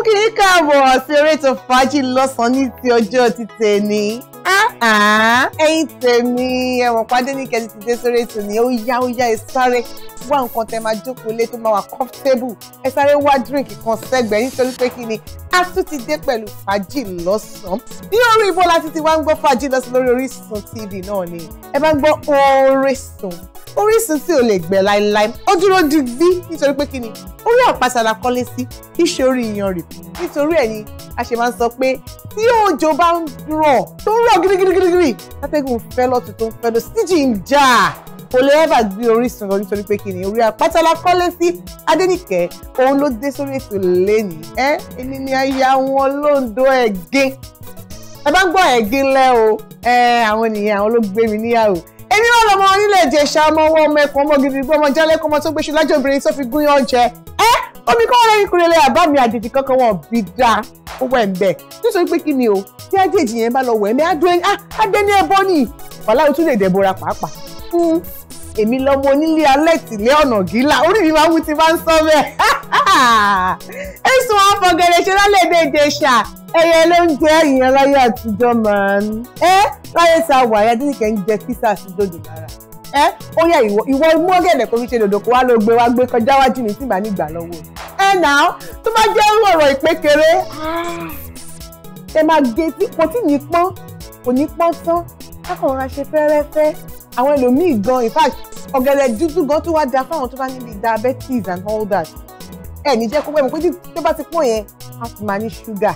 mo kì í káàbọ̀ sí eré ètò fàájì lọ́sàn-án ní ti ọjọ́ títẹ̀ ní Ah, ah. ẹ̀yin tèmi ẹ̀wọ̀n pàdé ní kẹ́sì ti dé sórí ètò ni ó yá ó yá ẹ sáré wá nǹkan tẹ máa jókòó lé tó máa wà comfortable ẹ sáré wá drink kan sẹ́gbẹ̀ẹ́ nítorí pé kí ni a tún ti dé pẹ̀lú fàájì lọ́sàn-án ní orí ibo láti ti wá ń gbọ́ fàájì lọ́sàn-án lórí Orísun TV náà ni ẹ bá ń gbọ́ Orísun Orísun tí ò lè gbẹ láéláé ó dúró digbí nítorí pé kí ni orí àpáta la kọ́lé sí kí ṣe orí iyanrìn nítorí ẹ̀ ni a ṣe máa ń sọ pé tí òjò bá ń rọ̀ tó ń náà gírígírígírí látẹ́gùn fẹ́ lọ́tún tó ń fẹ́ lọ síjì ń jà kò lè ẹ́bà gbé Orísun lọ nítorí pé kí ni orí apátálá kọ́lé sí Adénìkẹ́ òun ló dé sórí ètò lẹ́nìí ẹ́ èmi ni aya wọn lóńdó ẹ̀gẹ́ ẹ bá ń gbọ́ ẹ̀gẹ́ lẹ́ o ẹ àwọn ènìyàn àwọn ló gbé mi níyàwó èmi wọn lọmọ onílẹ̀ Ìjẹ̀ṣà ọmọ ọwọ́ ọmọ ẹ̀kọ́ ọmọ gidi gbọ́ ọmọ jálẹ̀kọ́ ọmọ tó gbéṣu lájọ obìnrin tó fi gún yán jẹ ẹ́ omi kọ́ wọn lẹ́yìn kúrẹ́lẹ́ àbá mi àjèjì kankan wọn bí dáa ó wẹ̀ ń bẹ̀ nítorí pé kí ni o tí àjèjì yẹn bá lọ wẹ̀ mí adé ah, ní ẹbọ ni wàhálà ó tún lè dẹ̀bọra pàápàá fún èmi lọ́mọ onílé alẹ́ tìlẹ́ ọ̀nà gíla orí mi máa wú ti máa ń sọ bẹ́ẹ̀ ẹ̀sùn àfọ̀gẹ̀rẹ̀ ṣe lálẹ́ èdè ìjẹ̀ṣà ẹ̀yẹ ló ń jẹ́ ìyẹn láyé àtijọ́ máa ń ẹ́ láyé tá a wà ayé adínìkẹ́ ń jẹ písà sí dòdò lára ẹ ó yẹ ìwọ ìwọ imú ọ̀gẹ̀dẹ̀ kò fi ṣe dòdò kó wá lọ gbé wá gbé kọjá wájú mi tí màá nígbà lọ́wọ́ ẹ nà ó tó bá jẹ́ ọ̀rọ̀ ìpékeré ẹ máa gé tí kò tí ní pọ́n kò ní pọ́n tán kákan ra ṣe fẹ́rẹ́fẹ́ àwọn ẹlòmíì gan in fact ọ̀gẹ̀dẹ̀ dúdú gan tó wá da fáwọn tó bá níbi diabetes and all that ẹ ní jẹ́ kó pẹ́ mọ̀ pé tó bá ti pọ̀ yẹn a ti máa ní ṣúgà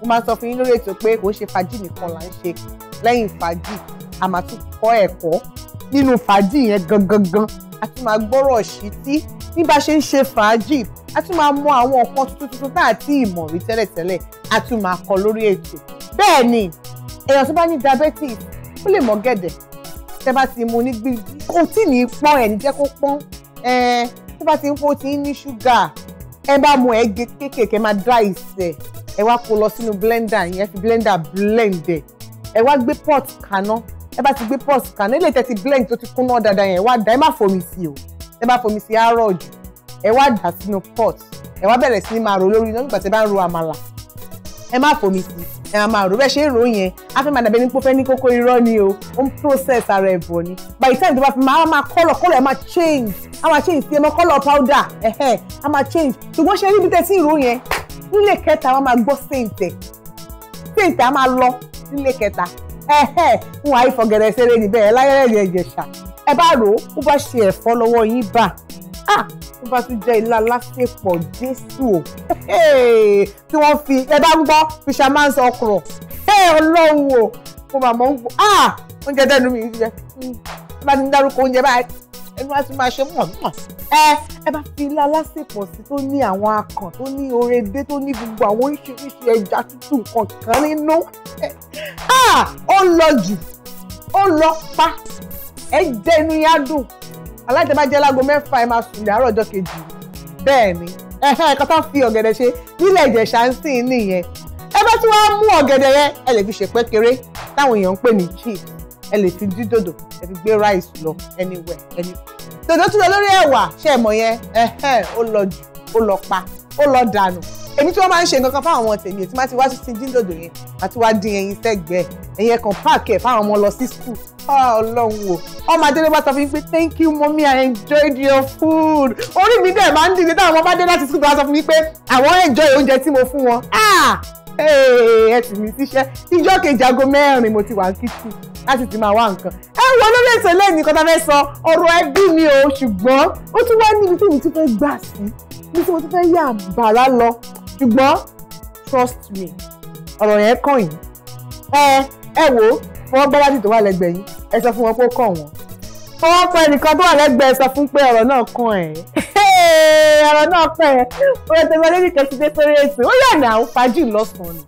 mo máa sọ fún yín lórí ètò pé kò ń ṣe fàájì nìkan là ń ṣe lẹ́yìn fàájì a máa tún kọ́ ẹ̀kọ́ nínú fàájì yẹn gangan a tún máa gbọ́rọ̀ sí tí bí bá ṣe ń ṣe fàájì a tún máa mọ àwọn nǹkan tuntun tuntun tá àti ìmọ̀ rí tẹ́lẹ̀tẹ́lẹ̀ a tún máa kọ́ lórí ètò bẹ́ẹ̀ ni èèyàn tó bá ní diabetes ó lè mọ gẹ̀dẹ̀ tẹ́ bá ti mu ní gbígbí kò tí ní pọ́n ẹ̀ ní jẹ́ kó pọ́n tó bá ti ń kó tí ń ní ṣúgà ẹ bá mu ẹ gé kéékèèké máa dá ìsẹ̀ ẹ wá kó lọ sínú blender yẹn fi blender blend ẹ ẹ wá gbé pot kaná ẹ bá ti gbé pọ́ọ̀sì kaná ilé tẹ́tí blend tó ti kúnná dáadáa yẹn ẹ wá dà ẹ má fomi sí o ẹ bá fomi sí àárọ̀ jù ẹ wá dà sínú pot ẹ wá bẹ̀rẹ̀ sí ní máa rò lórí iná nígbà tí ẹ bá ń ro àmàlà ẹ má fomi sí ẹ máa máa rò bẹ́ẹ̀ ṣe é rò yẹn á fẹ́ máa dàbẹ́ ní pọ́fẹ́ ní kókó irọ́ ni o ó ń process ara ẹ̀ bọ̀ ni by the time tó bá fi máa máa kọ́lọ̀ kọ́lọ̀ ẹ máa change á máa change sí ẹ máa kọ́lọ̀ powder ẹ̀hẹ́ á máa change ṣùgbọ́n ṣe níbi tẹ́tí ìró yẹn nílé kẹta wọn máa gbọ́ sèǹtẹ̀ sèǹtẹ̀ á máa lọ nílé kẹta ń wá ìfọ̀gẹ̀rẹ̀ ṣeré níbẹ̀ ẹ láyẹ̀rẹ̀ ẹ̀jẹ̀ṣà ẹ bá rò ó bó bá ṣe ẹ̀fọ́ lọ́wọ́ yín bà á tó bá tún jẹ́ ilá lásìpọ̀ jésù o tí wọ́n fi ẹ bá ń gbọ́ fisherman's okra ọlọ́run o mo màmá ń gbọ́ oúnjẹ dẹ́nu mi ń jẹ bá ti ń dárúkọ oúnjẹ báyìí ẹnu wá sí máa ṣe mọ̀ mọ̀ ẹ ẹ bá fi ilé alásèpọ̀ sí tó ní àwọn akàn tó ní orede tó ní gbogbo àwọn oríṣiríṣi ẹja tútù kọ̀ọ̀kan nínú ó lọ jù ó lọ pa ẹ jẹ inú yá dùn aláìtẹ́bàjẹ́ láago mẹ́fà ẹ máa sùn láàárọ̀ ọjọ́ kejì bẹ́ẹ̀ ni ẹ̀ka tó fi ọ̀gẹ̀dẹ̀ ṣe nílẹ̀ ìjẹ̀ṣà ń sìn nìyẹn ẹ bá tún wá mú ọ̀gẹ̀dẹ̀ yẹn ẹ lè fi ṣèpẹ́ kéré táwọn èèyàn ń pè ní chips ẹ lè fi dín dòdò ẹ fi gbé rice lọ anywhere ẹni. dòdò tún lọ lórí ẹ̀wà ṣe é mọ̀ yẹn ó lọ jù ó lọ pa ó lọ dànù èmi tí wọ́n máa ń ṣe nǹkan kan fáwọn ọmọ tèmi tí wọ́n ti wá sí dín dòdò yẹn àti wá dín ẹyin sẹ́gbẹ̀ẹ́ ẹ̀yẹ kan páàkì ẹ̀ fáwọn ọmọ lọ sí school ọlọ́run o ọmọ adélé bá sọ fún mi pé thank you mommy i enjoyed your food orí mi dẹ̀ máa ń dìde táwọn ọmọ bá dé láti school bá sọ fún mi pé àwọn enjoy oúnjẹ tí mo fún wọn ẹ sì mí síṣẹ́ ìjọ́ kejì aago mẹ́rin mo ti wà ní kìtì láti ti máa wá nǹkan. ẹ wo lórí ètò lẹ́yìn nǹkan tá a fẹ́ sọ ọ̀rọ̀ ẹbí mi o ṣùgbọ́n ó tún wá níbi tí mo tún fẹ́ gbà sí ibi tí mo tún fẹ́ yà bàrà lọ ṣùgbọ́n trust me ọ̀rọ̀ yẹn kàn yín ẹ ẹ wo fọwọ́ gbọ́dọ̀ tó wà lẹ́gbẹ̀ẹ́ yín ẹ sọ fún wọn pé ó kàn wọ́n fọwọ́ kan ẹnìkan tó wà lẹ́gbẹ̀ẹ́ sọ fún pé ọ̀rọ̀ náà kàn ẹ́ ọ̀rọ̀ náà kàn ẹ́ ọ̀rọ̀ tó bá lẹ́nu kẹsí dé sórí èsì ó yà ní àwọn fàájì lọ́sàn-án ni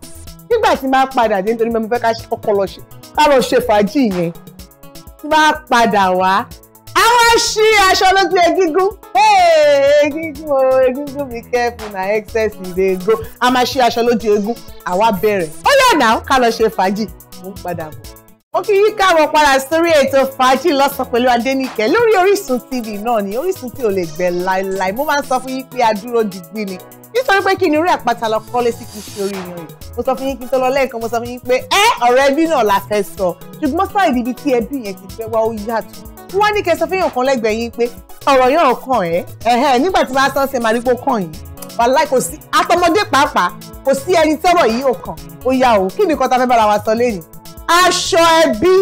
nígbà tí máa padà dé nítorí mo fẹ́ ká kọ́kọ́ lọ ṣe ká lọ ṣe fàájì yẹn tí máa padà wá àwọn ṣí aṣọ lójú egígún egígún o egígún be careful na excess dey go a máa ṣí aṣọ lójú egún àwa bẹ̀rẹ̀ ó yà ní àwọn ká lọ ṣe fàájì mo ń padà bọ̀ ó kí yí káàbọ̀ padà sórí ètò fàájì lọ́sàn-án pẹ̀lú Adéníkẹ́ lórí Orísun TV náà ni Orísun tí ò lè gbẹ láéláé mo máa ń sọ fún yín pé adúró digbí ni nítorí pé kí ni orí àpáta lọ kọ́lé sí kí n ṣe orí yan yìí mo sọ fún yín kí n tó lọ lẹ́ẹ̀kan mo sọ fún yín pé ẹ ọ̀rọ̀ ẹbí náà la fẹ́ sọ ṣùgbọ́n sáà ìdíbi tí ẹbí yẹn ti fẹ́ wá ó yàtọ̀ wọ́n wá ní kẹ́ sọ fún yàn kan lẹ́gbẹ̀ẹ́ yín pé ọ̀rọ̀ yàn kàn ẹ́ ẹ̀hẹ́ nígbà tí wọ́n á sọ́ọ́ máa rí pé ó kàn yín wàláì kò sí àtọmọdé pàápàá kò sí ẹni tọ́rọ̀ yìí ò kàn ó yá o kí ni kan fẹ́ bára wa sọ lẹ́yìn aṣọ ẹbí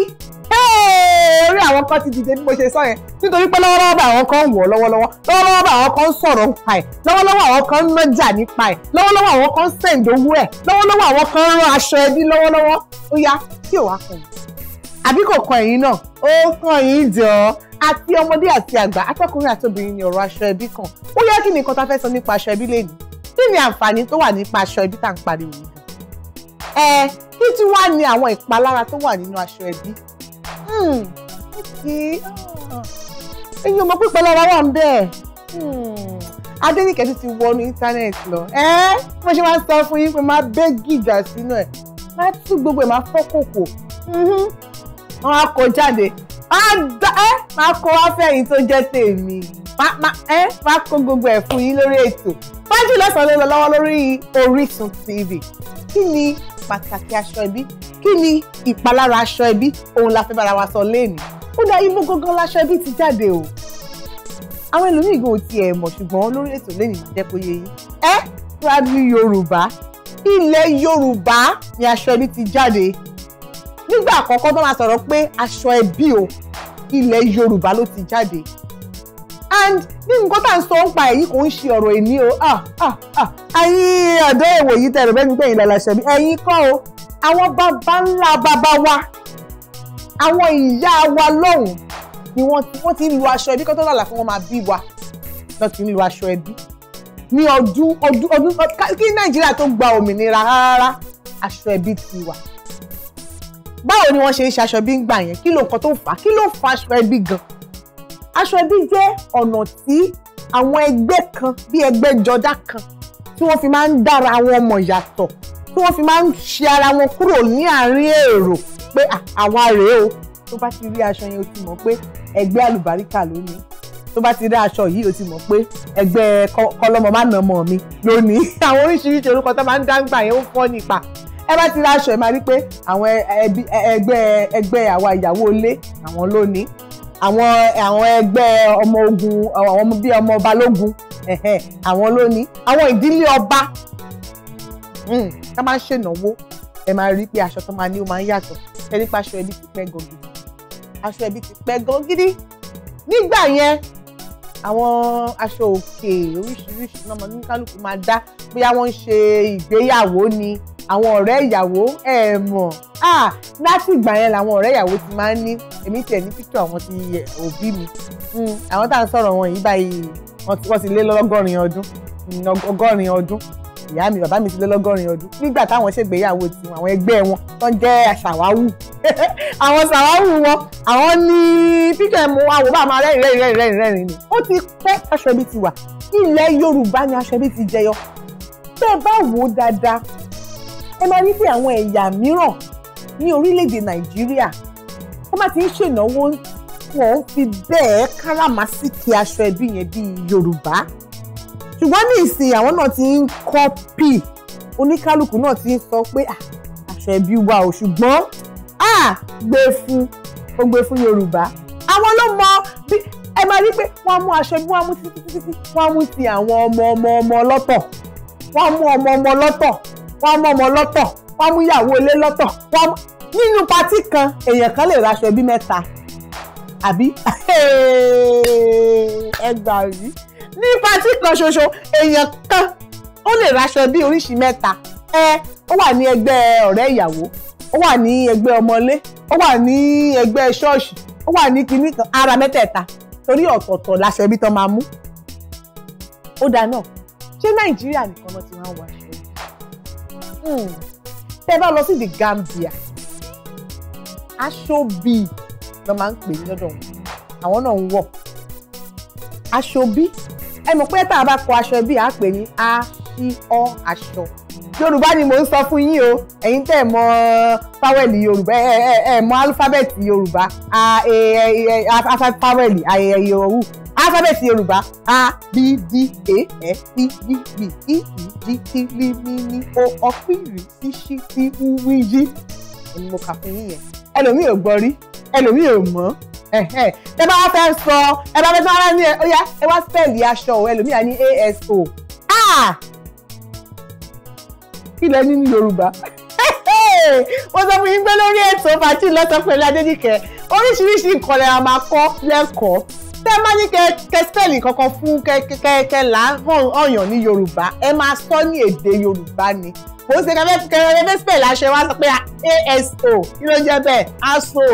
orí àwọn kan ti dìde bí mo ṣe sọ yẹn nítorí pé lọ́wọ́lọ́wọ́ bá àwọn kan ń wọ̀ lọ́wọ́lọ́wọ́ lọ́wọ́lọ́wọ́ bá àwọn kan ń sọ̀rọ̀ nípa ẹ̀ lọ́wọ́lọ́wọ́ àwọn kan ń nájà nípa ẹ̀ lọ́wọ́lọ́wọ́ àwọn kan ń sẹ̀ǹdì owó ẹ̀ lọ́wọ́lọ́wọ́ àwọn kan ń rán aṣọ ẹbí lọ́wọ́lọ́wọ́ ó yá kí ò wá kàn yín àbí kò kàn yín náà ó kàn yín jọ àti ọmọdé àti àgbà atọ́kùnrin àtobìnrin ni ọ̀rọ̀ aṣọ ẹbí kan ó yá kí ni nǹkan ta fẹ́ sọ nípa aṣọ ẹbí lẹ́nu kí ni àǹfààní tó wà nípa aṣọ ẹbí tá à ń pariwo yìí ẹ kí tí wàá ní àwọn ìpalára tó wà nínú aṣọ ẹbí hmm, ah. ẹyin ọmọ pípẹ́ lára wà ń bẹ́ẹ̀ hmm. Adéníkẹ́ ti ti wọnú íńtánẹ́ẹ̀tì lọ ẹ mo ṣe máa ń sọ fún yín pé máa bẹ́ gíga sínú ẹ̀ máa tú gbogbo ẹ̀ máa fọ́ kòkò hmm. wọn á kó jáde ẹ máa kó wá fẹ́yìn tó jẹ́ tèmi ẹ máa kó gbogbo ẹ̀ fún yín lórí ètò Fájìlọ́sàn ló lọ lọ́wọ́ lórí Orísun TV kí ni pàtàkì aṣọ ẹbí kí ni ìpalára aṣọ ẹbí òun la fẹ́ bára wa sọ léèní ó dá ibo gangan laṣọ ẹbí ti jáde o àwọn ẹlòmíì gan ò tiẹ̀ mọ̀ ṣùgbọ́n lórí ètò léèní jẹ́ kó yé yín ẹ́ rádìí Yorùbá ilẹ̀ Yorùbá ni aṣọ ẹbí ti jáde nígbà àkọ́kọ́ tó máa sọ̀rọ̀ pé aṣọ ẹbí o ilẹ̀ Yorùbá ló ti jáde and bí nǹkan tá à ń sọ ń pa èyí kò ń ṣe ọ̀rọ̀ èmi o ah, ah, ah. ẹ̀yin ọ̀dọ́ èwò tẹ̀rọ bẹ́ẹ̀ ni pé ìlàlàṣẹ̀ mi ẹ̀yin kọ́ o àwọn bàbá ńlá bàbá wa àwọn ìyá wa lọ́hùn ni wọ́n ti ń lu aṣọ ẹbí kó tó wọn máa bí wa lọ́ ti ń lu aṣọ ẹbí ní ọdún ọdún ọdún kí Nàìjíríà tó gba òmìnira rárá aṣọ ẹbí ti wà báwo ni wọ́n ṣe ń ṣaṣọ ẹbí ń gbà yẹn kí ló nǹkan tó fà á kí ló fa aṣọ ẹbí gan-an aṣọ ẹbí jẹ́ ọ̀nà tí àwọn ẹgbẹ́ kan bí ẹgbẹ́ jọdá kan tí wọ́n fi máa ń dára àwọn ọmọ yàtọ̀ tí wọ́n fi máa ń ṣe ara wọn kúrò ní àárín èrò pé àwa rèé o tó bá ti rí aṣọ yẹn o ti mọ̀ pé ẹgbẹ́ àlùbáríkà ló ní tó bá ti rí aṣọ yìí o ti mọ̀ pé ẹgbẹ́ kọlọ́mọ má nà mọ̀ mi ló ní àwọn oríṣiríṣi orúkọ tó máa ń dáńgbà yẹn ó fọ́ nípa ẹ bá ti rí aṣọ ẹ máa rí pé àwọn ẹgbẹ́ ẹgbẹ́ àwa ìyàwó ilé àwọn ló àwọn àwọn ẹgbẹ́ ọmọ ogun àwọn ọmọ bíi ọmọ balógun àwọn ló ní àwọn ìdílé ọba hmm, tá máa ń ṣènáwó ẹ máa rí pé aṣọ tó máa ní ó máa ń yàtọ̀ ẹ nípa aṣọ ẹbí ti pẹ́ gògì aṣọ ẹbí ti pẹ́ gògì nígbà yẹn àwọn aṣọ òkè oríṣiríṣi náà ní kálukú máa dá bóyá wọ́n ń ṣe ìgbéyàwó ni àwọn ọ̀rẹ́ ìyàwó ẹ mọ̀ láti ìgbà yẹn làwọn ọ̀rẹ́ ìyàwó ti máa ń ní èmi tiẹ̀ ní píkítọ̀ àwọn ti òbí mi hmm, àwọn tá à ń sọ̀rọ̀ wọn yìí báyìí wọ́n ti lé lọ́gọ́rin ọdún hmm, ọgọ́rin ọdún ìyá mi bàbá mi ti lé lọ́gọ́rin ọdún nígbà táwọn ṣègbéyàwó ti àwọn ẹgbẹ́ wọn tó ń jẹ́ ṣàwáwù àwọn ṣàwáwù wọn àwọn ní píkẹ́ mu àwò bá máa rẹ́rìn rẹ́rìn rẹ́rìn rẹ́rìn ni ó ti pẹ́ aṣọ ibi ti wà ilẹ̀ Yorùbá ni aṣọ ibi ti jẹyọ tẹ́ ẹ bá wò ó dáadáa ẹ máa rí pé àwọn ẹ̀yà mìíràn ní orílẹ̀-èdè nàìjíríà wọ́n máa ti ń ṣènáwó wọ́n fi bẹ́ẹ̀ káràmásìkì aṣọ ẹbí yẹn bíi yorùbá ṣùgbọ́n ní ìsìn àwọn náà ti ń kọ́pì oníkálukú náà ti ń sọ pé aṣọ ẹbí wa ò ṣùgbọ́n a gbé e fún ó gbé e fún yorùbá àwọn ló mọ bí ẹ máa rí pé wọ́n mú aṣọ ẹbí wọ́n mú títí títí wọ́n mú ti àwọn ọmọ ọmọ ọmọ lọ́tọ̀ wọ́n mú ọmọ ọmọ lọ́tọ̀ wọ́n mú ọmọ lọ́tọ̀ wọ́n mú ìyàwó ilé lọ́tọ̀ wọ́n nínú patí kan èèyàn kan lè raṣọ ẹbí mẹ́ta àbí ẹ gbà rí ní patí kan ṣoṣo èèyàn kan ó lè raṣọ ẹbí oríṣi mẹ́ta ẹ ó wà ní ẹgbẹ́ ọ̀rẹ́ ìyàwó ó wà ní ẹgbẹ́ ọmọlé ó wà ní ẹgbẹ́ ṣọ́ọ̀ṣì ó wà ní kinní kan ara mẹ́tẹ̀ẹ̀ta torí ọ̀tọ̀ọ̀tọ̀ laṣọ ẹbí tán máa mú ó dáa náà ṣé nàìjíríà nìkan ló ti máa ń wáṣọ Hmm. tẹ́ bá lọ sí the Gambia aṣọ́bí ló máa ń pè é lọ́dọ̀ wọn àwọn náà ń wọ̀ aṣọ́bí ẹ mọ̀ pé tá a bá kọ aṣọ bí a pè ní aṣọ aṣọ yorùbá ni mo ń sọ fún yín o ẹ̀yin tẹ́ ẹ̀ mọ̀ fáwẹ̀lì yorùbá ẹ̀ ẹ̀ mọ̀ alifábẹ́ẹ̀tì yorùbá e, e, e, fáwẹ̀lì ayẹyẹ yorùbá alifábẹ́ẹ̀tì yorùbá a b d a S p d b e e d t l m n o O p r t ṣ t u w y ni mo kà fún yín yẹn ẹlòmíì ò gbọ́ rí ẹlòmíì ò mọ̀ tẹ bá wá fẹ́ sọ ẹ bá fẹ́ sọ ara ní ẹ ó yá ẹ wá spẹ́ẹ̀lì aṣọ ò ẹlòmíì á ní aso kí lẹ ní ní yorùbá wọ́n sọ fún yín pé lórí ètò fàtí lọ́sọ̀ pẹ̀lú adédìkẹ́ oríṣiríṣi ìkọlẹ̀ àmàkọ́ lẹ́kọ̀ọ́ tẹ́ ẹ má ní kẹ spẹ́ẹ̀lì kankan fún kẹ́kẹ́kẹ́ là ọ̀yàn ní yorùbá ẹ máa sọ ní èdè yorùbá ni kò sí kẹ́kẹ́ spẹ́ẹ̀lì aṣọ wa sọ pé aso kí ló jẹ́ bẹ́ẹ̀ aso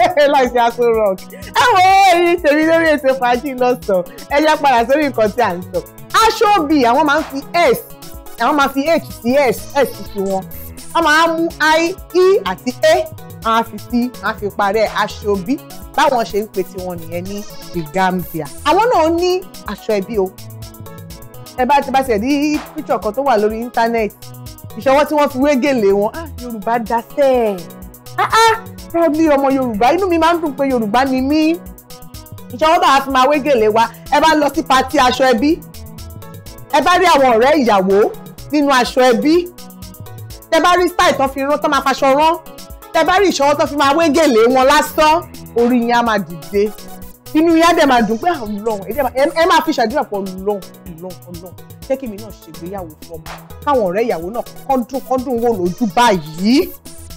láìsí aso rock ẹ wo èyí tèmi lórí ètò fàájì lọ́sàn-án ẹ jẹ́ padà sórí nǹkan tí à ń sọ aṣọ bíi àwọn máa ń fi s àwọn máa fi h sí s s sí wọn wọ́n máa mú i e àti a àwọn á fi sí àwọn á fi parẹ́ báwọn ṣe ń pè tiwọn nìyẹn ní the Gambia àwọn náà ní aṣọ ẹbí o ẹ bá ti bá ti ẹ̀ ní píṣọ̀ kan tó wà lórí íńtánẹ́ẹ̀tì ìṣọwọ́ tí wọ́n fi wé wọn ah Yorùbá dasẹ́ ẹ̀ ah ah probably ọmọ Yorùbá inú mi máa ń dùn pé Yorùbá ni mí ìṣọwọ́ bá a fi máa wé gèlè wa ẹ bá lọ sí patí aṣọ ẹbí ẹ bá rí àwọn ọ̀rẹ́ ìyàwó nínú aṣọ ẹbí tẹ bá rí style tó fi rán tó máa faṣọ rán tẹ bá rí ìṣọwọ́ tó fi máa wé gèlè wọn lásán orí yín á máa dìde inú yín á dẹ̀ máa dùn pé ah, Ọlọ́run ẹ máa fi ṣàdúrà pọ̀ Ọlọ́run Ọlọ́run Ọlọ́run jẹ́ kí mi náà ṣègbéyàwó fún ọmọ káwọn ọ̀rẹ́ ìyàwó náà kọ́dún kọ́dún wò lójú báyìí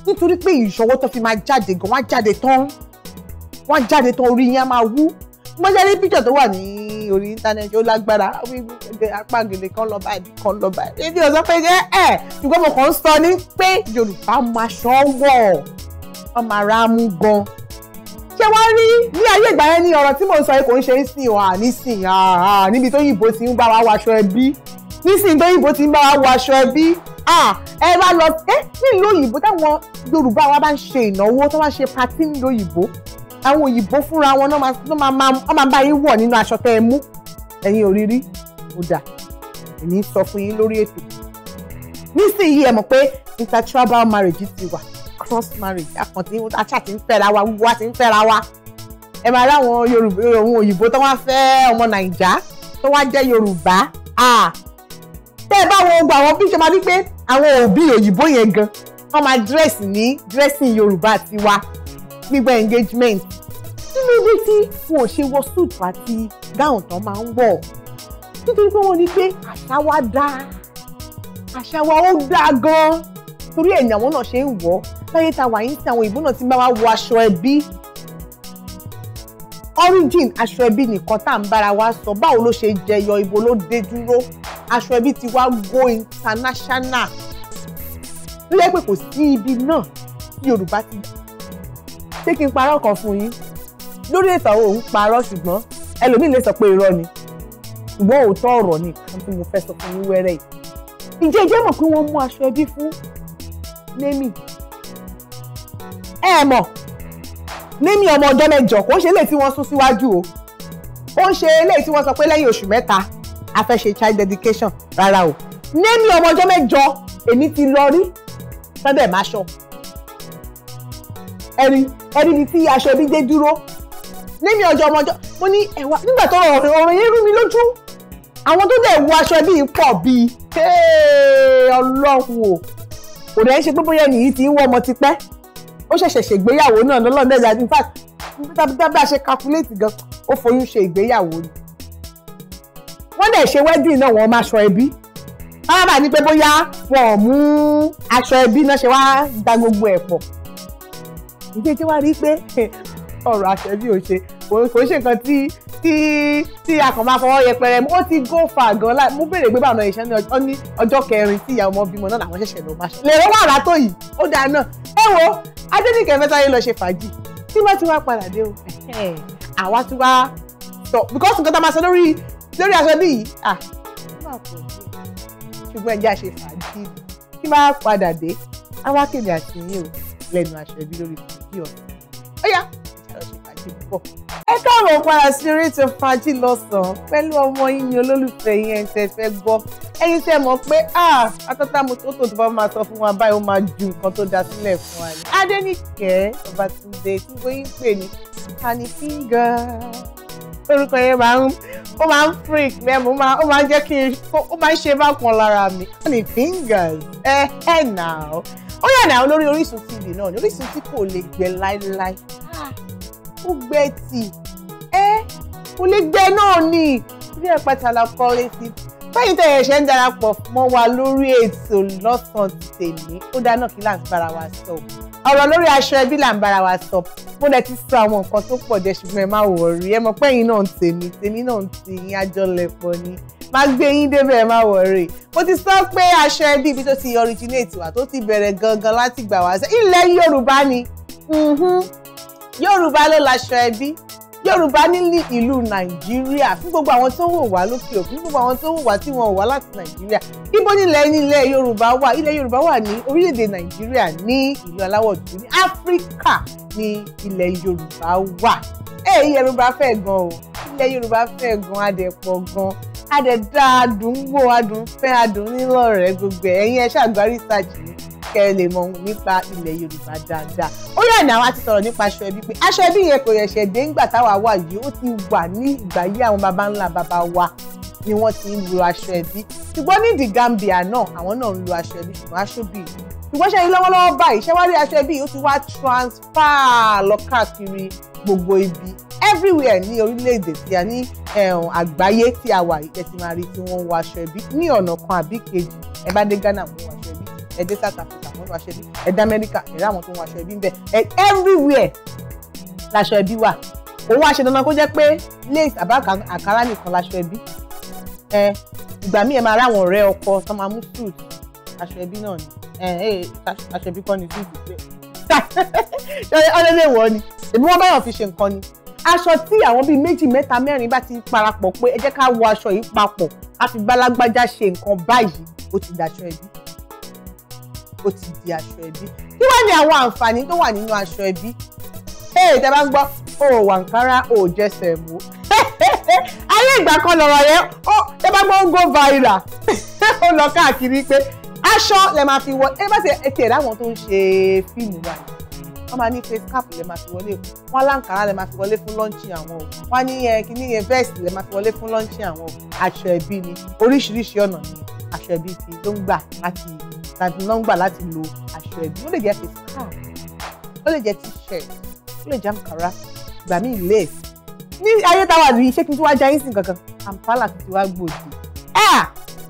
nítorí pé ìṣọwọ́ tó fi máa jáde gan wọ́n á jáde tán wọ́n á jáde tán orí yín á máa wú mọ́ṣẹ́ ní píjọ tó wà ní orí íńtánẹ́ẹ̀tì ó lágbára apá gèlè kan lọ báyìí kan lọ báyìí èmi ò sọ pé ẹ ẹ ṣùgbọ́n mo kàn ń sọ ní pé Yorùbá máa ṣọ́ wọ̀ ọmọ ara mú gan-an ṣé wá rí ní ayé ìgbà yẹn ní ọ̀rọ̀ tí mò ń sọ yìí kò ń ṣe ń sìn ọ̀ àníṣìn níbi tó yìnbó ti ń bá wa waṣọ ẹbí nísìnyí tó yìnbó ti ń bá wa waṣọ ẹbí ẹ bá lọ ẹ nílùú òyìnbó táwọn Yorùbá wa bá ń ṣe ìnáwó tó bá ṣe patí nílùú òyìnbó àwọn òyìnbó fúnra wọn náà máa bá yín wọ̀ nínú aṣọ tẹ́ ẹ mú ẹ̀yin òrírí ó dà èmi ń sọ fún yín lórí ètò nísìnyí ẹ mọ̀ pé intertribal marriage ti wà first marriage àkàntì àṣà ti ń fẹ́ra wa gbogbo wa ti ń fẹ́ra wa ẹ máa rí àwọn yorùbá ohun òyìnbó tó wá fẹ́ ọmọ nàìjà tó wá jẹ́ yorùbá tẹ́ ẹ bá wọn gbọ́ àwọn bí ṣe máa ní pé àwọn òbí òyìnbó yẹn gan wọ́n máa dress ní dressing yorùbá tiwa nígbà engagement nínú ilé tí wọn ò ṣe wọ suit àti gown tán máa ń wọ̀ nítorí pé wọ́n ní pé àṣà wa dáa àṣà wa ó dáa gan-an torí ẹ̀yìn àwọn náà ṣe ń wọ̀ ọ́ láyé tá a wà àwọn ìbò náà ti bá wa wọ aṣọ ẹbí origin aṣọ ẹbí nìkan tá à ń bára wa sọ báwo ló ṣe jẹyọ ibo ló dé dúró aṣọ ẹbí ti wá go international ló yẹ pé kò sí ibi náà tí Yorùbá ti ṣé kí n parọ́ kan fún yín lórí ètò òun parọ́ ṣùgbọ́n ẹlòmíín lè sọ pé irọ́ ni ṣùgbọ́n òótọ́ ọ̀rọ̀ nìkan tí mo fẹ́ sọ fún yín wẹ́rẹ́ yìí ǹjẹ́ mọ̀ pé wọ́n mú aṣọ ẹbí fún némi ẹ mọ̀ némi ọmọ ọjọ́ mẹ́jọ kò ń ṣe eléyìí tí wọ́n sún síwájú o ó ń ṣe eléyìí tí wọ́n sọ pé lẹ́yìn oṣù mẹ́ta a fẹ́ ṣe child dedication rárá o némi ọmọ ọjọ́ mẹ́jọ èmi ti lọ rí sunday maṣọ ẹni ẹni ni tí aṣọ ẹbí dé dúró némi ọjọ́ ọmọ ọjọ́ mo ní ẹ̀wà nígbà tó ọ̀rọ̀ ọ̀rọ̀ yẹn rú mi lójú àwọn tó dẹ̀ wọ aṣọ ẹbí pọ̀ bíi ọlọ́run o kò dẹ́ ṣe pé bóyá ẹni yìí ti ń wọ́ ọmọ ti pẹ́ ó ṣẹ̀ṣẹ̀ ṣègbéyàwó náà lọ́lọ́dẹ̀ yà in fact tábí a ṣe calculate gan ó foyún ṣe ìgbéyàwó ni wọ́n dẹ̀ ṣe wedding náà wọ́n máa ṣọ ẹbí báwa bá ní pé bóyá wọn ò mú aṣọ ẹbí náà ṣe wá da gbogbo ẹ̀ pọ̀ ìdíje wá rí pé ọ̀rọ̀ aṣọ ẹbí ò ṣe kò ṣe nǹkan tí tí tí a kàn máa fọwọ́ yẹpẹrẹ ó ti go far gan láì mo béèrè pé báwo ni iṣẹ́ ní ọjọ́ kẹrin tí ìyá ọmọ bímọ náà làwọn ṣẹ̀ṣẹ̀ lọ máa ṣe lèrè wà látó yìí ó dáa náà ẹ wo Adéníkẹ́ fẹ́ sáré lọ ṣe fàájì tí wọ́n ti wá padà dé o àwa ti wá sọ because nǹkan tá a máa sọ lórí lórí aṣọ bí yìí ah ṣùgbọ́n ẹ̀jẹ̀ àṣẹ fàájì kí máa padà dé awákèmí àti yín o lẹ́nu aṣọ ẹbí lórí fàájì ọ̀sán ó yá ẹ lọ ṣe fàájì púpọ̀ káàbọ̀ padà sí orí ètò fàájì lọ́sàn-án pẹ̀lú ọmọ yín olólùfẹ́ yín ẹni tẹ́ fẹ́ gbọ́ ẹ̀yin tẹ́ mọ̀ pé àtọ́tà mo tó tó tó bá máa sọ fún wa báyìí ó máa ju nǹkan tó da sílẹ̀ fún wa ni. Adéníkẹ́ Ọbátúndé tí gbóyìn pè ní honey finger orúkọ yẹn máa ń ó máa ń freak mẹ́mu ó máa ń jẹ́ kí n ó máa ń ṣe bákan lára mi honey fingers ẹ ẹ nà ó ó yà nà ó lórí Orísun TV náà ní Orísun tí kò lè gbẹ láéláé ah ó gbẹ tì ẹ kò lè gbẹ náà ni bí ẹ̀pẹ̀tà la kọrin sí fẹ́yìn tẹ̀ ẹ̀ṣẹ̀ ń darapọ̀ mọ́ wa lórí ètò lọ́sàn-án ti tèmi ó dáná kí là ń bára wa sọ ọ̀rọ̀ lórí aṣọ ẹbí là ń bára wa sọ mo lẹ ti sọ àwọn nǹkan tó pọ̀ jẹ́ ṣùgbọ́n ẹ má wọ̀rí ẹ mọ̀ pẹ́yìn náà ń tèmi tèmi náà ń ti yín àjọlẹ̀pọ̀ ni máa gbé yín débẹ̀ ẹ má wọ̀rí mo ti sọ pé aṣọ ẹbí ibi tó ti originate wá tó ti bẹ̀rẹ̀ gangan láti gbà wá sẹ́ ilẹ̀ Yorùbá ni yorùbá ló láṣọ ẹbí yorùbá nílì ìlú nàìjíríà fún gbogbo àwọn tó ń wò wá lókè òkun fún gbogbo àwọn tó ń wò wá tí wọn ò wá láti nàìjíríà ibo nílẹ̀ nílẹ̀ yorùbá wà ilẹ̀ yorùbá wà ní orílẹ̀-èdè nàìjíríà ní ìlú aláwọ̀ dúdú ní áfíríkà ní ilẹ̀ yorùbá wà èyí yorùbá fẹ̀ gan o ilẹ̀ yorùbá fẹ̀ gan adẹ̀pọ̀ gan adẹ̀dá adùn wò adùn fẹ́ adùn nílọ̀rẹ́ gbogbo ẹ̀yin ẹ̀ ṣàgbárí sáàjì kẹ́ ẹ lè mọ̀ nípa ilẹ̀ Yorùbá dáadáa ó yà ní àwọn àti sọ̀rọ̀ nípa aṣọ ẹbí pé aṣọ ẹbí yẹn kò yẹ̀ṣẹ̀ dé ńgbà táwa wà yìí ó ti wà ní ìgbà yí àwọn baba ńlá baba wa ni wọ́n ti ń lo aṣọ ẹbí ṣùgbọ́n ní The Gambia náà àwọn náà ń lo aṣọ ẹbí ṣùgbọ́n aṣọ́bì ṣùgbọ́n ṣe yín lọ́wọ́lọ́wọ́ báyìí ṣé wá rí aṣọ ẹbí yìí ó ti wá transfer lọ káàkiri gbogbo ibi everywhere ní orílẹ̀-èdè tí a ní àgbáyé tí a wà yìí ẹ ti máa rí tí wọ́n ń wọ aṣọ ẹbí ní ọ̀nà kan àbí kejì ẹ bá dé Ghana mú wa ẹ South Africa wọ́n wá aṣọ ẹbí Amẹ́ríkà ẹ àwọn tó ń wá aṣọ ẹbí ń bẹ̀ everywhere laṣọ ẹbí wà òun àṣẹ dandan kó jẹ́ pé lace àbá àkàrà nìkan laṣọ ẹbí ẹ ìgbà míì ẹ máa rí àwọn ọ̀rẹ́ ọkọ tó máa mú suit aṣọ ẹbí náà ni ẹ ẹ aṣọ ẹbí kọ́ ni suit ṣe ọlẹ́lẹ́wọ̀ ni èmi wọ́n báyọ̀ fi ṣe nǹkan ni aṣọ tí àwọn bíi méjì mẹ́ta mẹ́rin bá ti parapọ̀ pé ẹ jẹ́ ká wọ aṣọ yìí papọ̀ a fi bá ṣe nǹkan báyìí ó ti dàṣọ ẹbí ó ti di aṣọ ẹbí kí wá ní àwọn àǹfààní tó wà nínú aṣọ ẹbí ee tẹ bá ń gbọ́ o wà nkárá o ò mú ayé ìgbà kan lọ̀rọ̀ yẹn ó tẹ bá gbọ́ ń go viral ó lọ káàkiri pé aṣọ lẹ máa fi wọ ẹ bá ṣe ètè láwọn tó ń ṣe fíìmù wa wọ́n máa ní face cap lè máa fi wọlé wọ́n láǹkàrá lè máa fi wọlé fún lọ́ńchì àwọn o wọ́n ní kíní yẹn vest lè máa fi wọlé fún lọ́ńchì àwọn o aṣọ ẹbí ni oríṣiríṣi ọ̀nà ni aṣọ ẹbí fi tó ń gbà láti nọ́ngbà láti lo aṣọ ẹbí ó lè jẹ́ ti scarf ó lè jẹ́ t-shirt ó lè jẹ́ ankara ìgbà míì lace ní ayé táwa ní ṣé kí n tí wá jẹ́ ayísìn kankan kampala kí n tí wá gbòdì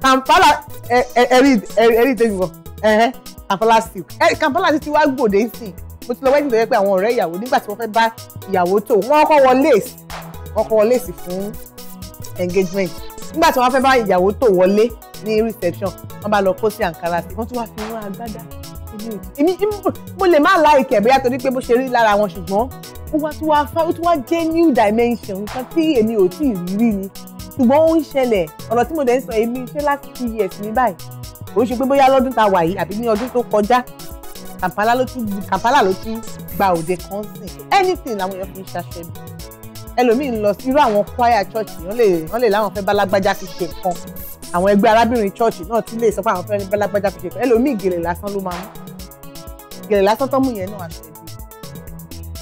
kampala ẹ̀rí ìtẹ́jú wọ kampala silk kampala ti wá gbòdì sí mo ti lọ wedding tó yẹ pé àwọn ọ̀rẹ́ ìyàwó nígbà tí wọ́n fẹ́ bá ìyàwó tó wọ́n kọ́ wọ lace wọ́n kọ́ wọ lace fún engagement nígbà tí wọ́n fẹ́ bá ìyàwó tó wọlé ní reception wọ́n bá lọ kó sí àǹkárá sí wọ́n tún wá fi wọn agbádá èmi mo lè má láìkẹ̀ bóyá torí pé bó ṣe rí lára wọn ṣùgbọ́n ó wá tún wá fa ó tún wá jẹ́ new dimension nǹkan tí èmi ò tí ì rí ni ṣùgbọ́n ó ń ṣẹlẹ̀ ọ̀rọ̀ tí mo dẹ̀ ń sọ èmi ṣe láti two years ní báyìí kò ń ṣe pé bóyá lọ́dún ta wà yìí àbí ní ọdún tó kọjá Kampala ló tún Kampala ló tún gba òde kan sìn anything làwọn èèyàn fi ń ṣaṣọ ẹbí ẹlòmíì ń lọ sí irú àwọn choir church wọ́n lè wọ́n lè láwọn fẹ́ bá lágbájá fi ṣe nǹkan àwọn ẹgbẹ́ arábìnrin chọ́ọ̀chì náà ti lè sọ fún àwọn fẹ́rẹ́ ní bẹ́lágbájá fi ṣètò ẹlòmíì gèlè lásán ló máa mú gèlè lásán tó mú yẹn náà aṣọ ẹbí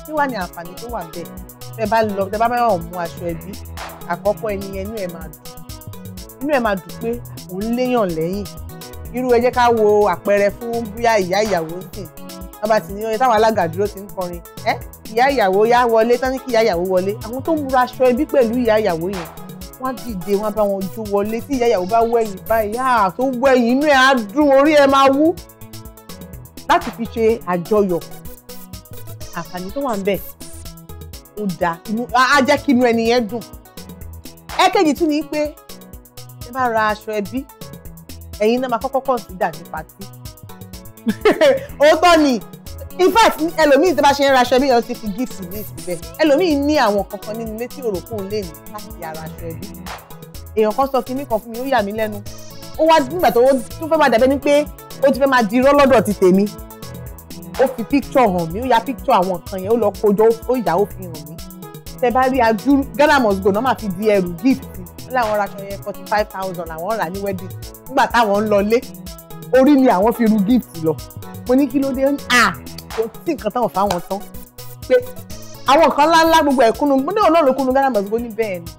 kí wàá ní àǹfààní tó wà bẹ́ẹ̀ tẹ bá lọ tẹ bá bá wọn mú aṣọ ẹbí àkọ́kọ́ ẹni yẹn inú ẹ̀ máa dùn inú ẹ̀ máa dùn pé òun léèyàn lẹ́yìn irú ẹ jẹ́ ká wo àpẹẹrẹ fún bíyà ìyá ìyàwó sìn bàbá sì ní táwọn alága dúró ti ń kọrin ẹ ìyá ìyàwó yá wọlé tán ní kí ìyá ìyàwó wọlé àwọn tó múra aṣọ ẹbí pẹ̀lú ìyá ìyàwó yẹn wọ́n dìde wọ́n bá wọn jó wọlé tí ìyá ìyàwó bá wẹ̀yìn báyìí àà tó wẹ̀yìn inú ẹ̀ á dùn orí ẹ̀ máa wú láti fi ṣe àjọyọ̀ àǹfààní tó wà ń bẹ̀ ó dáa á jẹ́ kí inú ẹni yẹn dùn ẹ̀kejì tún ni pé ẹ bá ra aṣọ ẹbí ẹ̀yin náà máa kọ́kọ́ kọ́ńsídà ní pàtí òótọ́ ni in fact ẹlòmíì tí bá ṣe ń raṣọ mi yọ ti fi gift mi síbẹ̀ ẹlòmíì ní àwọn kankan nínú ilé tí òròkùn lè ní láti ara aṣọ ẹbí èèyàn kan sọ kinní kan fún mi ó yà mí lẹ́nu ó wá nígbà tó tó fẹ́ máa dàbẹ́ ni pé ó ti fẹ́ máa dirọ́ lọ́dọ̀ ti tèmi ó fi picture hàn mí ó ya picture àwọn nǹkan yẹn ó lọ kójọ ó yà ó fi hàn mí tẹ bá rí adúrú Ghana must go náà fi di ẹrù gift láwọn ra aṣọ yẹn forty five thousand àwọn rà ní wedding nígbà táwọn ń lọ lé orí ni àwọn fi ru gift lọ mo ní kí ló dé ah kò sí nǹkan táwọn fáwọn tán pé àwọn nǹkan ńláńlá gbogbo ẹ̀kúnnu ní ọ̀nà ló kúnnu Ghana mọ̀síkò ní bẹ́ẹ̀ ni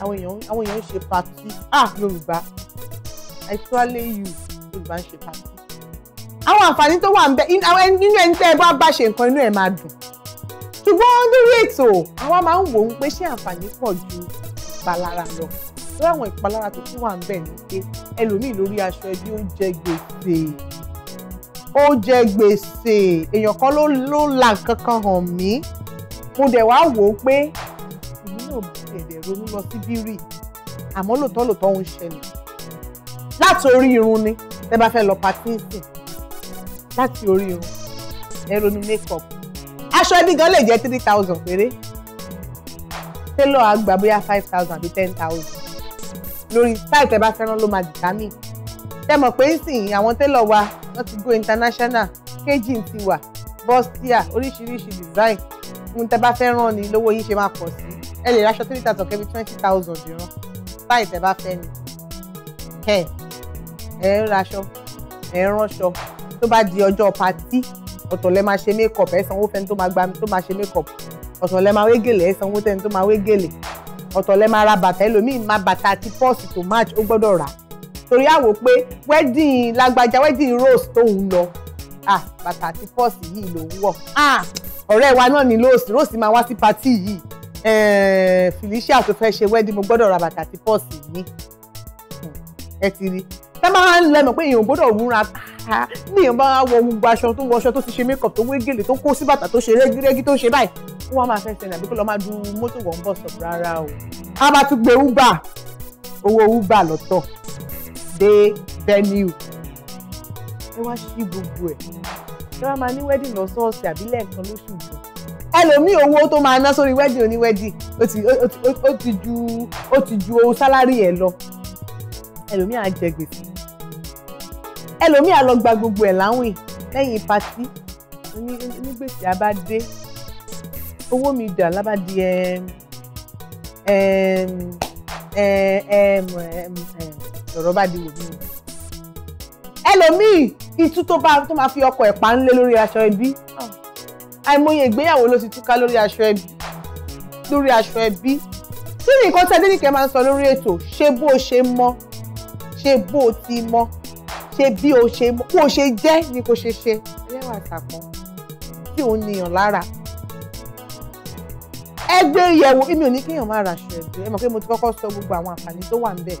àwọn èèyàn àwọn èèyàn ń ṣe pàtí ah Yorùbá especially you Yorùbá ń ṣe pàtí. àwọn àǹfààní tó wà ń bẹ nínú ẹni tẹ́ ẹ bá bá ṣe nǹkan inú ẹ̀ máa dùn ṣùgbọ́n lórí ètò àwa máa ń wò ó pé ṣé àǹfààní pọ̀ ju ìpalára lọ lórí àwọn ìpalára tó tún wà ń bẹ ní pé ẹlòmíì lórí aṣọ ẹbí ó jẹ gbèsè ó jẹ gbèsè èèyàn kan ló ló la nǹkan kan hàn mí mo dẹ̀ wá wò ó pé èmi náà bẹ̀rẹ̀ ronú lọ sí bírì àmọ́ lóòótọ́ lóòótọ́ ń ṣẹlẹ̀ láti orí irun ni ẹ bá fẹ́ lọ patínsìn láti orí irun ẹ ronú makeup aṣọ ẹbí gan lè jẹ́ three thousand péré tẹ́lọ̀ àgbà bóyá five thousand àbí ten thousand lórí style tẹ́ bá fẹ́ràn ló máa determine tẹ mọ̀ pé nsìn àwọn télọ̀ wa wọ́n ti go international kejì ti wà bọ́stíà oríṣiríṣi design ohun tẹ bá fẹ́ rán ni lówó yín ṣe máa pọ̀ sí ẹ lè raṣọ three thousand kẹ́bi twenty thousand ìran báyìí tẹ bá fẹ́ ni ẹ ẹ ń raṣọ ẹ ń ránṣọ tó bá di ọjọ́ patí ọ̀tọ̀ lẹ máa ṣe makeup ẹ sanwó fẹ́ni tó máa gba tó máa ṣe makeup ọ̀tọ̀ lẹ máa wé gèlè ẹ sanwó tẹ́ni tó máa wé gèlè ọ̀tọ̀ lẹ máa ra bàtà ẹlòmíì máa bàtà àti pọ́ọ̀sì tó match ó gbọ́dọ̀ rà torí àwò pé wedding lágbájá wedding rose tóun lọ ah bàtà àti pọ́ọ̀sì yìí ló wọ̀ ah ọ̀rẹ́ wa náà ni rose rose máa wá sí patí yìí Felicia tó fẹ́ ṣe wedding mo gbọ́dọ̀ ra bàtà àti pọ́ọ̀sì mi ẹ ti rí tẹ́ máa ń lẹ́mọ̀ pé èèyàn gbọ́dọ̀ wúra tààrà bí èèyàn bá wọ gbogbo aṣọ tó wọṣọ tó ti ṣe mékọ̀p tó wé gèlè tó kó sí bàtà tó ṣe rẹ́gírẹ́gí tó ṣe báyìí wọ́n máa fẹ́ sẹ́yìn àbíkọ́ lọ máa du mọ́tò wọ̀ ń bọ̀ sọ̀rọ̀ rárá o. a bá tún gbé uber owó uber lọ́tọ̀ dé venue ẹ wá sí gbogbo ẹ̀ ẹ wá máa ní wedding lọ́sọ̀ọ̀sẹ̀ àbí lẹ́ẹ̀kan lóṣù jù ẹlòmíì owó tó máa ná sórí wedding oníwedding ó ti ju ó ti ju owó sálárì ẹ̀ lọ ẹlòmíì á jẹ gbèsè ẹlòmíì á lọ gba gbogbo ẹ̀ láwìn lẹ́yìn patí onígbèsè abádé owó mi dà lábàdí ẹ ẹ ẹ ẹ ẹ lọ́rọ̀ bá di wòlíì ẹlòmíì itú tó bá tó máa fi ọkọ ẹ̀ pa ń lé lórí aṣọ ẹbí àìmọye ìgbéyàwó ló ti túká lórí aṣọ ẹbí lórí aṣọ ẹbí tí nìkan tí Adénìkẹ́ máa ń sọ lórí ètò ṣé bó o ṣe mọ ṣé bó o ti mọ ṣé bí o ṣe mọ bó o ṣe jẹ́ ni kò ṣe ṣe ẹlẹ́wà àtàkùn tí òun nìyàn lára ẹgbẹ́ ìyẹ̀wò mi ò ní kéèyàn máa raṣọ ẹbí ẹ mọ̀ pé mo ti kọ́kọ́ sọ gbogbo àwọn àǹfààní tó wà ń bẹ̀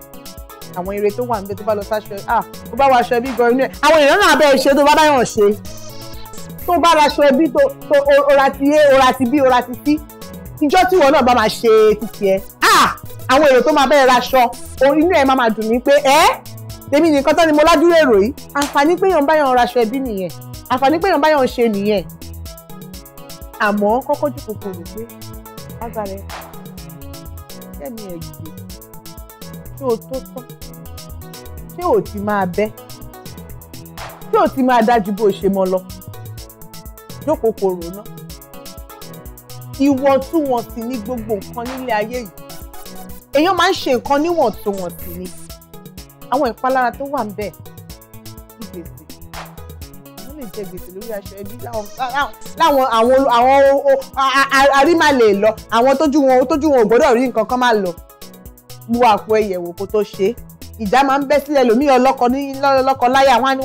àwọn eré tó wà níbẹ̀ tó bá lọ sáṣọ ah tó bá wọ aṣọ ẹbí gan inú ẹ̀ àwọn èèyàn náà bẹ́ẹ̀ ṣe tó bá báyọ̀ ṣe tó bá raṣọ ẹbí tó ora ti a ora ti b ora ti c ìjọ tí wọn náà bá máa ṣe títì ẹ ah àwọn èrò tó máa bẹ́ẹ̀ raṣọ inú ẹ̀ máa máa dùn mí pé ẹ́ èmi nìkan tán ni mo ládùúrò èrò yìí àǹfààní pé èèyàn báyọ̀ raṣọ ẹbí nìyẹn àǹfààní pé èèyàn báyọ̀ ṣe nìyẹn àmọ́ kọ́kọ́ jù kòkò rò pé agbára ẹ̀ kẹ́mi ẹ̀ tó tó tán tí ò ti máa bẹ́ tí ò ti máa dájú bó ṣe mọ lọ jókòó kò rò ná ìwọ̀ntúnwọ̀nsì ní gbogbo nǹkan nílé ayé yìí èèyàn máa ń ṣe nǹkan níwọ̀ntúnwọ̀nsì ni àwọn ìpalára tó wà ń bẹ̀ gbèsè wọ́n lè jẹ gbèsè lórí aṣọ ẹbí láwọn àwọn àwọn arí máa lè lọ àwọn tójú wọn tójú wọn ò gbọ́dọ̀ rí nǹkan kan máa lọ wo àpò ẹyẹ̀wò kó tó ṣe é ìjà máa ń bẹ́ sílẹ̀ lómi ọlọ́kọ ní lọ́kọ láyà wọ́n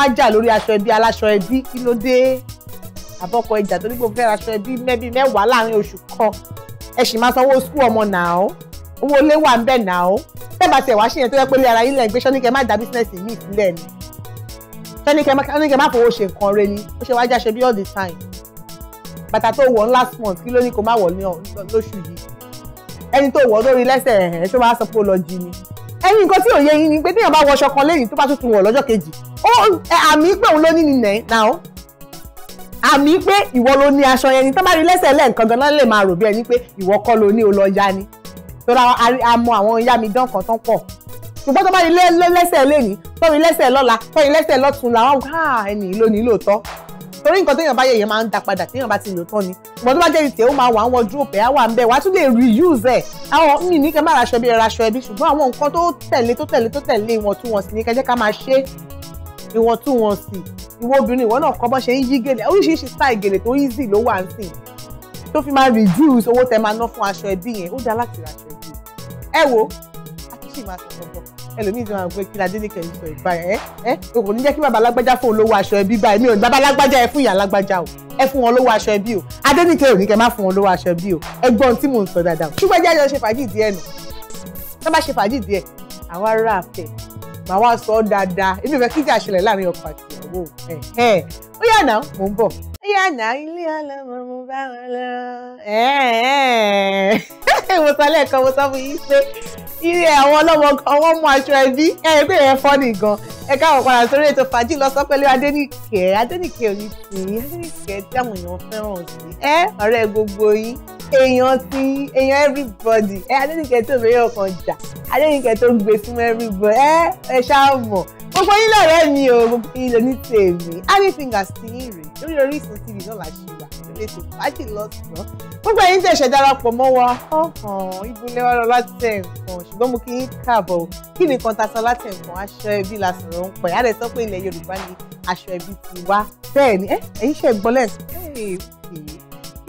á jà lórí aṣọ ẹbí aláṣọ ẹbí kí ló dé àbọ̀kọ ìjà torí pé o fẹ́ aṣọ ẹbí mẹ́bí mẹ́wàá láàrin oṣù kan ẹ sì máa sanwó skul ọmọ náà owó ilé wà ń bẹ̀ náà tẹ́ bá tiẹ̀ wá ṣèyẹn tó yẹ pé lé ara yín lẹ́ gbé ṣọ́nìkẹ́ má dá bísínẹ́sì míì sílẹ̀ ni ṣọ́nìkẹ́ má fowó ṣe nǹkan rẹ ni ó ṣe wá jáṣe bí all the time bàtà tó wọ̀ last month kí ló ní kó má wọ̀ lóṣù yìí ẹni tó wọ̀ lórí lẹ́sẹ̀ ẹ̀hẹ̀ tó bá sọ pé ó lọ jí ni ẹ̀yin nǹkan tí ò yẹ yín ni pé téèyàn bá wọṣọ kan lẹ́yìn tó bá tún wọ̀ lọ́jọ́ kejì àmì pé òun ló ní ni nẹ̀ náà àmì pé ìwọ ló ní aṣọ yẹn ni tó bá rí lẹ́sẹ̀ lẹ́ẹ̀kan gan-an lè máa rò bí ẹni pé ìwọ kọ́ ló ní o lọ ya ni tó ra amọ àwọn ìyá mi dán kan tán pọ̀ ṣùgbọ́n tó bá rí lẹ́sẹ̀ lẹ́ni tó rí lẹ́sẹ̀ lọ́la tó rí lẹ́sẹ̀ lọ́tún làwọn ẹni ló ní lóòótọ́ torí nǹkan téèyàn bá yẹ èèyàn máa ń da padà téèyàn bá ti lò tán ni ṣùgbọ́n tó bá jẹ́ ìtẹ̀ ó máa wà ń wardrobe ẹ̀ á wà ń bẹ̀ wà tún lè reuse ẹ̀ àwọn mí ní kẹ́ má raṣọ ẹbí raṣọ ẹbí ṣùgbọ́n àwọn nǹkan tó tẹ̀lé tó tẹ̀lé tó tẹ̀lé ìwọ̀ntúnwọ̀nsì ni kẹ́ jẹ́ ká máa ṣe ìwọ̀ntúnwọ̀nsì ìwọ obìnrin ìwọ náà kọ́ bọ́ ṣe ń yí gèlè oríṣiríṣi style gèlè tó easy ló wà ń sìn tó fi máa reduce owó tẹ máa ná fún aṣọ ẹbí yẹn ó dá láti raṣọ ẹbí ẹ wo sì máa sọ̀rọ̀ bọ̀ ẹlòmíì ti máa gbé kí ládé nìkẹ́ yìí sọ ẹ ẹ kò ní jẹ́ kí bàbá alágbájá fún olówó aṣọ ẹbí báyìí mi ò ní bàbá alágbájá ẹ fún ìyá alágbájá o ẹ fún wọn lówó aṣọ ẹbí o adénìkẹ́ ò ní kẹ́ má fún wọn lówó aṣọ ẹbí o ẹ gbọ́n tí mò ń sọ dáadáa ṣùgbọ́n ẹjẹ́ àjọ ṣe fàájì díẹ̀ nù tó bá ṣe fàájì wò ó yà náà mò ń bọ̀ ó yà náà ilé ọlọ́mọ mo bá wọn lọ. mo sọ lẹ́ẹ̀kan mo sọ fún yín pé ilé àwọn ọlọ́mọ kan wọ́n mú aṣọ ẹbí ẹ pé ẹ fọ́ nìgan ẹ káwọn padà sórí ètò fàájì lọ sọ pẹ̀lú Adéníkẹ́ Adéníkẹ́ òní tì í Adéníkẹ́ tí àwọn èèyàn fẹ́ràn sí ẹ ọ̀rẹ́ gbogbo yín èèyàn ti èèyàn everybody ẹ Adéníkẹ́ tó bẹ̀rẹ̀ ọkàn jà Adéníkẹ́ tó gbé fún everybody ẹ ẹ ṣáà mọ̀ gbogbo yín lọ́rẹ́ mi o gbogbo yín lọ ní tèmi anyfingers ti yín rèé lórí Orísun TV náà la ṣe wà lórí ètò fàájì lọ́sàn-án gbogbo yín tẹ̀sẹ̀ darapọ̀ mọ́ wa ọ̀hún ibùdó lẹ́wọ́ láti tẹ̀ nǹkan ṣùgbọ́n mo kí yín káàbọ̀ kí ni kan ta sọ láti nǹkan aṣọ ẹbí la sọ̀rọ̀ ń pẹ̀ á lè sọ pé ilẹ̀ Yorùbá ni aṣọ ẹbí ti wá bẹ́ẹ̀ ni ẹ̀yin ṣe gbọ́ lẹ́sìn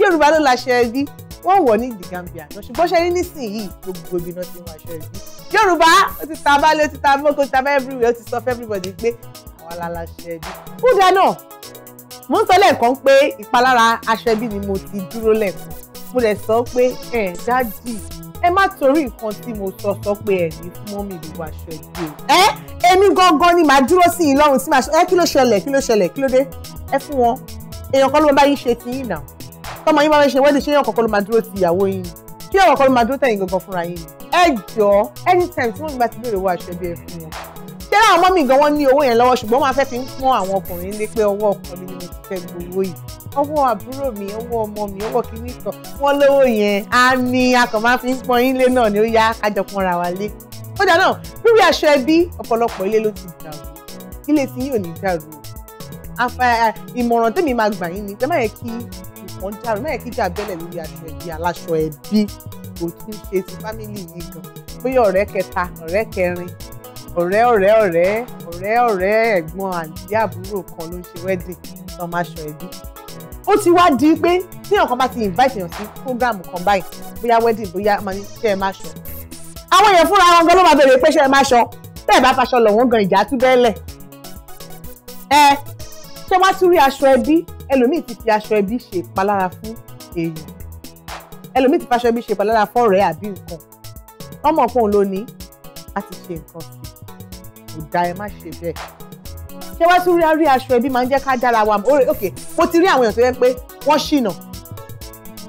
Yorùbá ló láṣọ ẹbí wọ́n wọ̀ ní the Gambia ṣùgbọ́n ṣe rí nísìnyìí gbogbo ibi náà ti ń wọ aṣọ ẹbí Yorùbá ó ti ta abálé ó ti ta abókò ó ti ta abẹ́ everywhere ó ti sọ fún everybody pé àwọn aláṣẹ ẹbí kúdà náà mo ń sọ lẹ́ẹ̀kan pé ìpalára aṣọ ẹbí ni mo ti dúró lẹ́ẹ̀kan mo lè sọ pé ẹ̀ dájì ẹ má torí nǹkan tí mo sọ sọ pé ẹ ní fún mọ́mì gbogbo aṣọ ẹbí o. ẹ èmi gangan ni màá dúró sí yín lọ́rùn sí màá ṣe ẹ kí ló ṣẹlẹ̀ kí ló ṣẹlẹ̀ kí ló dé ẹ fún wọn èèyàn kan ló bá yín ṣe ti náà tọmọ yín bá fẹ́ ṣe wedding ṣé yàn kọ́kọ́ ló máa dúró ti ìyàwó yín kí yàn kọ́kọ́ ló máa dúró tẹ̀yìn gangan fúnra yín ẹ jọ anytime tí wọ́n bá ti béèrè owó aṣọ ẹbí ẹ fún wọn ṣé láwọn mọ́mì gan wọ́n ní owó yẹn lọ́wọ́ ṣùgbọ́n wọ́n fẹ́ fi ń pọ́n àwọn ọkùnrin lé pé ọwọ́ ọkùnrin ni mo ti fẹ́ gbowó yìí ọwọ́ àbúrò mi ọwọ́ ọmọ mi ọwọ́ kìíní kan wọ́n lówó yẹn á ní akọ̀ máa fi ń pọ́n yín lé náà ni ó yá kájọpọ̀n ra wa lé kódà náà lórí aṣọ ẹbí ọ̀pọ̀lọpọ̀ ilé ló ti dàrú ilé tí yóò ní dàrú ìmọ̀ràn tèmi máa gbà yín ni tẹ́ kan já rò mẹ́rin kíjà bẹ́lẹ̀ lórí aṣọ ẹbí aláṣọ ẹbí kò tún ṣe ti fámìlì yìí gan bóyá ọ̀rẹ́ kẹta ọ̀rẹ́ kẹrin ọ̀rẹ́ ọ̀rẹ́ ọ̀rẹ́ ọ̀rẹ́ ọ̀rẹ́ ẹ̀gbọ́n àti àbúrò kan ló ń ṣe wedding lọ́ máa ṣọ ẹbí ó ti wá di pé tí ọ̀kan bá ti invite èèyàn sí program kan báyìí bóyá wedding bóyá máa ní ṣe é máa ṣọ àwọn èèyàn fúnra wọn gan ló máa béèrè pé ṣe é máa ṣọ bẹ́ẹ̀ bá faṣọ lọ̀ wọ́n gan ìjà tú bẹ́ẹ̀ lẹ̀ ẹ ṣé wá tún rí aṣọ ẹbí ẹlòmíì ti fi aṣọ ẹbí ṣe ìpalára fún èèyàn ẹlòmíì ti fi aṣọ ẹbí ṣe ìpalára fún ọ̀rẹ́ àbí nǹkan ọmọ ọ̀pọ̀n ló ní a ti ṣe nǹkan sí kò dá ẹ má ṣe bẹ́ẹ̀ ṣé wá tún rí aṣọ ẹbí máa ń jẹ́ ká dára wa ok mo ti rí àwọn èèyàn tó yẹ pé wọ́n ṣìnà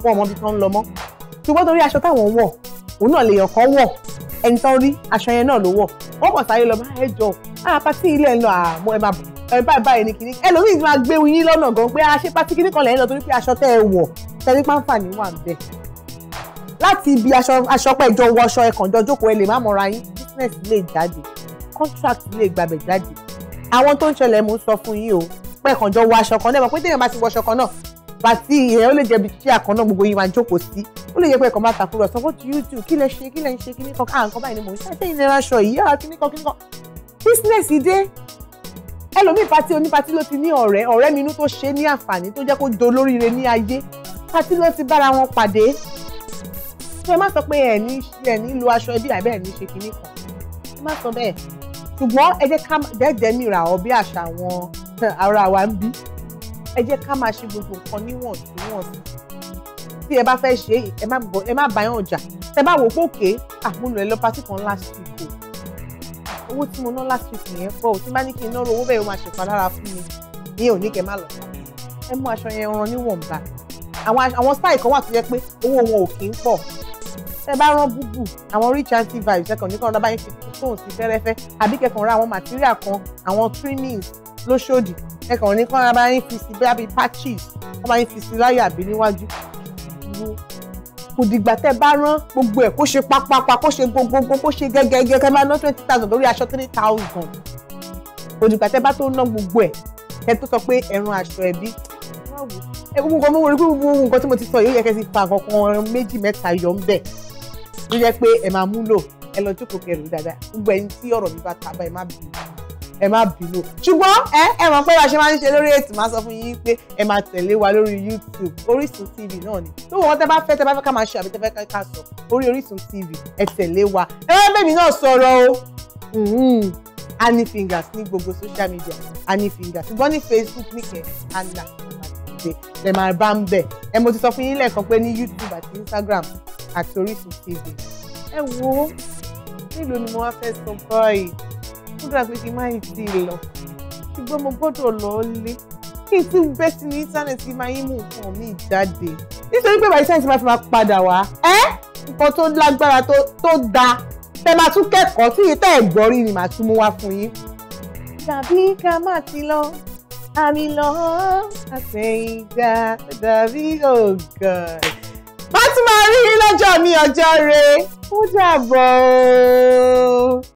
wọn ò mọ ibi tó ń lọ mọ́ ṣùgbọ́n torí aṣọ táwọn wọ̀ òun náà lèèyàn kan wọ̀ ẹni tán rí aṣọ yẹn náà ló wọ̀ wọ́n mọ̀ sáyé lọ bá ẹjọ́ àpá tí ilé ẹ̀ lọ àmọ́ ẹ má bọ̀ báyìí báyìí ni kìíní ẹlòmíì máa gbé yín lọ́nà gan pé aṣẹ́ ah, pátí kìíní kan lẹ́yìn lọ torí pé aṣọ tẹ́ ẹ wọ̀ tẹ́lí pàǹfà ní wà bẹ́ẹ̀ láti ibi aṣọ pẹ́ ìjọ wọ aṣọ ẹ̀kànjọ́ jókòó ẹ lè má mọ̀ra yín business lè jáde contract lè gbàgbẹ́ jáde àwọn tó ń ṣẹlẹ̀ mú sọ fún yín o pẹ́ẹ̀kànjọ́ wọ aṣọ kan náà mọ̀ pé téèyàn bá ti wọ aṣọ kan náà pàtí ìyẹn ó lè jẹ́ ibi tí àkànná gbogbo yín máa jókòó sí ó lè jẹ́ pé ẹ̀kọ́ máa tàkúrọ̀sọ what do you do kí lẹ ṣe kí lẹ ń ṣe kí ní kan à ah, nǹkan báyìí ni mò ń ṣe àtẹ̀yìn náírà aṣọ yìí àti ah, kíní kan kíní kan business dé ẹlòmíì pati onípati ló ti ní ọ̀rẹ́ ọ̀rẹ́ mi inú tó ṣe ní àǹfààní tó jẹ́ kó dolóríire ní ayé pati ló ti bára wọn pàdé ṣé má sọ pé ẹ ní ẹ ní lo aṣọ ẹbí àbẹ́ ẹ ní ṣe kinní kan ẹ má sọ bẹ́ẹ̀ ṣùgbọ́n ẹ jẹ́ ká dẹ́jẹ́ mìíràn àwọn bí àṣà wọn ara wa ń bí ẹ jẹ́ ká máa ṣe gbogbo nǹkan níwọ̀ntúnwọ̀nsì tí ẹ bá fẹ́ ṣe ẹ má báyọ̀ ọjà tẹ bá wò ó àmúlò ẹ lọ pati kan lásìkò owó tí mo ná last week yẹn pọ̀ tí má ní kí n ná owó bẹ́ẹ̀ máa ṣèpalára fún mi ní òní kẹ́ má lọ ẹ mú aṣọ yẹn rán níwọ̀nba àwọn style kan wà tó yẹ pé owó wọn ò kí ń pọ̀ tẹ bá rán búbù àwọn rich aunty vibes ẹ kàn ní kàn rán báyìí tóun sí fẹ́rẹ́fẹ́ àbí kẹkàn rán àwọn material kan àwọn trimmings lóṣòdì ẹ kàn ní kàn rán báyìí fi sí báyìí patches wọ́n báyìí fi sí láyà àbí níwájú kò dìgbà tẹ́ bá rán gbogbo ẹ̀ kó ṣe pápápá kó ṣe gbogbogbò kó ṣe gẹ́gẹ́gẹ́ kẹ́ máa ná twenty thousand lórí aṣọ three thousand kò dìgbà tẹ́ bá tó ná gbogbo ẹ̀ kẹ́ tó sọ pé ẹran aṣọ ẹbí gbogbo nǹkan mo wò rí pé gbogbo nǹkan tí mo ti sọ yìí ó yẹ kẹ́ ti fa kankan méjì mẹ́ta yọ ń bẹ̀ tó yẹ pé ẹ máa múlò ẹ lọ jókòó kẹrù dáadáa gbogbo ẹni tí ọ̀rọ̀ mi bá ta báyìí má bì í ẹ má bínú ṣùgbọ́n ẹ ẹ mọ̀ pé bá a ṣe máa ń ṣe lórí ètò máa sọ fún yín pé ẹ máa tẹ̀lé wa lórí YouTube Orísun TV náà ni tó wọ́n tẹ́ bá fẹ́ tẹ́ bá fẹ́ ká máa ṣe àbí tẹ́ fẹ́ ká sọ orí Orísun TV ẹ tẹ̀lé wa ẹ wá bèmí náà sọ̀rọ̀ o Honey mm-hmm. Fingers ní gbogbo social media Honey Fingers ṣùgbọ́n ní Facebook nìkẹ́ anna ṣe lè máa bá ń bẹ̀ ẹ mo ti sọ fún yín lẹ́ẹ̀kan pé ní YouTube àti Instagram àti Orísun TV ẹ wo nílùú ni mo wá fẹ́ sọ báyìí ó dà pé kí ti lọ ṣùgbọ́n mo gbọ́dọ̀ lọ lé kí n ti bẹ́ sí ní íńtánẹ̀tì máa yín mú nǹkan mi jáde nítorí pé bàbá ìṣáìsì máa fi máa padà wá ẹ́ nǹkan tó lágbára tó dáa tẹ máa tún kẹ́kọ̀ọ́ tí yìí tẹ́ ẹ̀ gbọ́ rí ni màá tún mú wá fún yín. tàbí ká má ti lọ àmì lọ àtẹ̀yìndà tàbí ògàn. má tún máa rí lọ́jọ́ mi ọjọ́ re ó dàbọ̀ ooo.